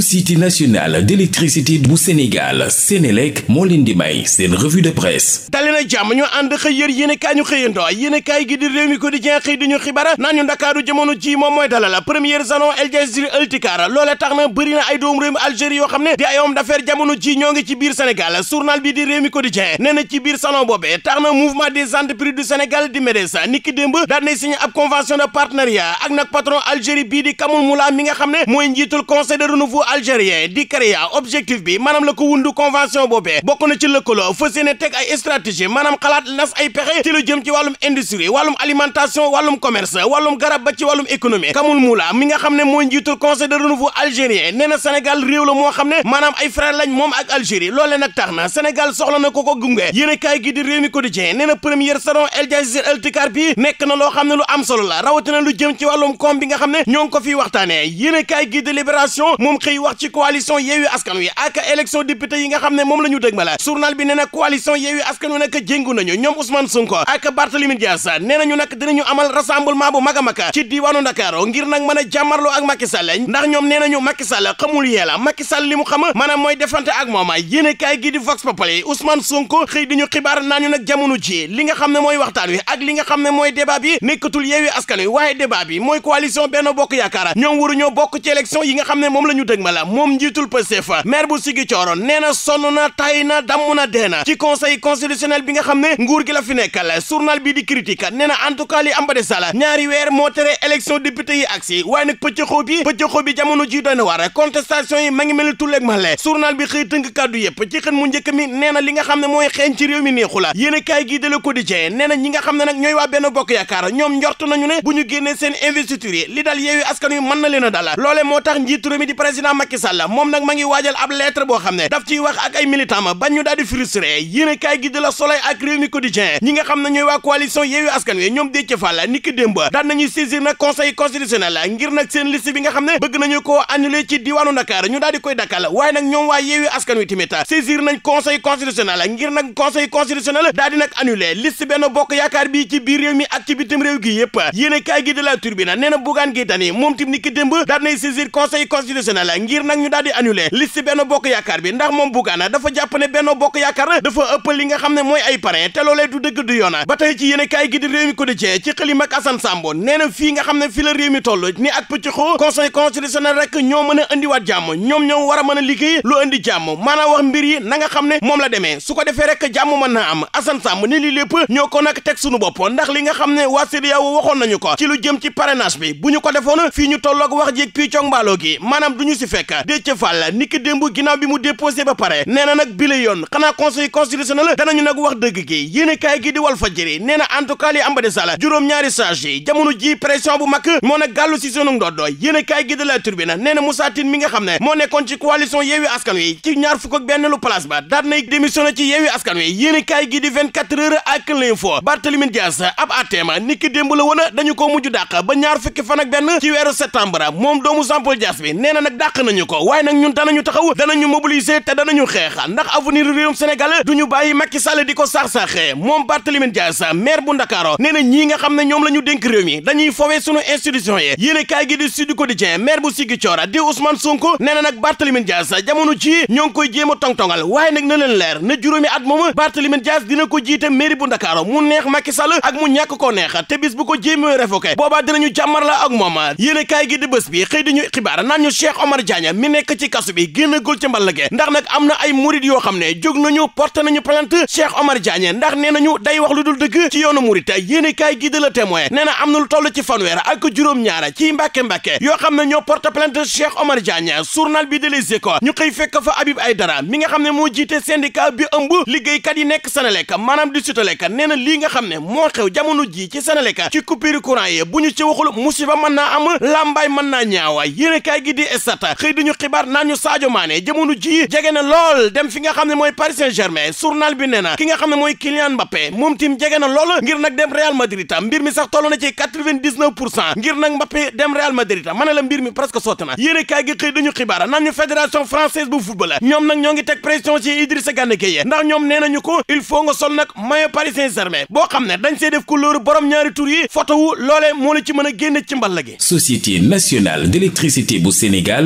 société nationale d'électricité bu Sénégal Sénélec moo di may seen revue de presse dali na jàmm ñu ànd xëy yër yéenekaay ñu xëyandoo yéenekaay gi di réew mi quotidien xëy di ñu xibaar naan ñu ndakaaru jamono ji moom mooy dala la El Jazeera Alticar loolee tax na bëri ay doomu réew mi xam ne di ay homme d'affaires jamono ji ñoo ngi ci biir Sénégal journal bi di réew mi quotidien nee ci biir salon boobee tax na mouvement des du Sénégal di MEDES algérien di CREA objectif bi maanaam la ko wundu convention boobe bokk na ci lëkkaloo fas yéene teg ay stratégie maanaam xalaat nas ay pexe ci lu jëm ci wàllum industrie wàllum alimentation wàllum commerce wàllum garab ba ci wàllum économie Kamul Moula mi nga xam ne mooy njiitul conseil de renouveau algérien nee na Sénégal réew la moo xam ne maanaam ay frère lañ moom ak Algérie loole nag tax na Sénégal soxla na ko ko gunge yéene kaay gi di Rewmi Quotidien nee na première salon El Jazeera El Tikar nekk na loo xam ne lu am solo la rawatina lu jëm ci koom bi nga xam ne ñoo ngi ko fiy waxtaanee yéene kaay gi di Libération moom xëy wax ci coalition Yewwi Askan Wi ak élection député yi nga xam ne moom la ñu ma la journal bi nee na coalition Yewwi Askan Wi nag jéngu nañu ñoom Ousmane Sonko ak Barthélémy Dias bu mag a mag ci diiwaanu Ndakaaru ngir nag mën a jàmmarloo ak Macky Sall ndax ñoom nee nañu Macky la Macky Sall li mu xam maanaam mooy defante ak moom yéen kaay gi di Vox Populi Ousmane Sonko xëy di xibaar naa ñu nag jamono ji li nga xam ne mooy waxtaan wi ak li nga dëgma moom njiitul Pastef maire bu Ziguinchor nee na sonn na tay na damm ci conseil constitutionnel bi nga xam ne nguur gi la fi nekkal journal bi di critique nee na en tout cas li weer moo tere élection député yi agsi waaye nag pëcc xóob yi pëcc xóob yi jamono ji doy na war contestation yi ma ngi mel ni bi xëy tënk kàddu yëpp mu njëkk mi nee na xam ne mooy xeeñ ci réew mi neexu la yéen a kaay gii de Le xam ne na leen a dala loole moo tax njiitu président Macky Sall moom nag ma ngi waajal ab lettre boo xam ne daf wax ak ay militant ma bañ ñu daal di frustré yéen a kaay gi de la Soleil ak Rewmi ñi nga xam ne ñooy waa coalition Yewwi Askan Wi ñoom Déthié Fall ni ki démb daan nañuy saisir nag conseil constitutionnel ngir nag seen liste bi nga xam ne bëgg nañu koo annulé ci diwaanu Dakar ñu daal koy dakkal waaye nag ñoom waa Yewwi Askan Wi tamit saisir nañ conseil constitutionnel la Tribune ngir nag ñu daal di annulé liste benn bokk yaakaar bi ndax moom Bougane dafa jàpp ne benn bokk yaakaar dafa ëpp li nga xam ne mooy ay parrain te loolee du dëgg du yoona ba tey ci yéen kaay gi di réew mi quotidien ci xëlim ak Assane Sambo nee na nga xam ne fi la réew ni ak pëccixoo conseil constitutionnel rek ñoo mën a indiwaat jàmm ñoom ñoo war a mën a liggéey lu indi jàmm maanaam wax mbir yi na nga xam ne moom la demee su ko defee rek jàmm ko nag teg suñu bopp ndax li e e bi ko defoon fii ñu tolloog wax jéeg pii coog ci fekk Déthié Fall niki démb ginnaaw bi mu déposé ba pare nee nag bi la yoon xanaa conseil constitutionnel danañu nag wax dëgg gi yéen kaay gi di wal fa jëri nee na en tout cas li ambade sala juróom-ñaari sage yi jamono ji pression bu mag moo nag gàllu si sunu ndoddoo yéen kaay gi di la turbine nee na Moussa Tine mi nga xam ne moo nekkoon ci coalition Yewwi Askan Wi ci ñaar fukk ak benn lu place ba daat nay démissionné ci Yewwi Askan Wi yéen kaay gi di 24 heures ak l'info Barthélémy Dias ab ATM niki démb la woon dañu ko mujj dàq ba ñaar fukki fan ak benn ci weeru septembre moom doomu Jean Paul Dias na nag dàq nañu ko waaye nag ñun danañu taxaw danañu mobiliser te danañu xeex ndax avenir réewum Sénégal du ñu bàyyi Macky Sall di ko saax-saaxee moom Barthélémy Dias maire bu Ndakaaru nee ñii nga xam ne ñoom la ñu dénk réew mi dañuy foowee sunu institution yi yéen kaay gi di Sud Quotidien maire bu Ziguinchor di Ousmane Sonko nee na nag Barthélémy Dias jamono ji ñoo koy jéem a tongtongal waaye nag na leen leer na juróomi at moom Barthélémy Dias dina ko jiite mairie bu Ndakaaru mu te bis Diagne mi nekk ci kasu bi génnagul ci mball ge ndax nag am na ay murid yoo xam ne jóg nañu porte nañu plainte Cheikh Omar Diagne ndax nee ñu day wax lu dul dëgg ci yoonu murid yéen i kaay gi de la témoin nee na am na lu toll ci fanweer ak juróom-ñaara ci mbàkke-mbàkke yoo xam ne ñoo porte plainte Cheikh Omar Diagne journal bi de Les Échos ñu xëy fekk fa Habib Aïdara mi nga xam ne moo jiite syndicat bi ëmb liggéeykat yi nekk Senelec maanaam di Sutelec lii nga xam ne moo xew jamono ji ci Senelec ci coupure courant yi bu ñu ci waxul naa am lambaay mën naa ñaawa yéen a xëy dañu xibaar naan ñu Sadio Mané jamono ji jege na lool dem fi nga xam ne mooy Paris Saint-Germain journal bi nee na ki nga xam ne mooy Kylian Mbappé moom tim jege na lool ngir nag dem Real Madrid mbir mi sax toll na ci quatre-vingt-dix-neuf pour cent ngir nag Mbappé dem Real Madrid ma ne la mbir mi presque sotti na yéen a kaay gi xëy dañu xibaar naan ñu fédération française bu football ñoom nag ñoo ngi teg pression ci Idrissa Gana Gueye ndax ñoom nee nañu ko il faut nga sol nag maillot Paris xam ne dañ see def couleur borom ñaari tur yi photo wu loolee moo la ci mën a génne ci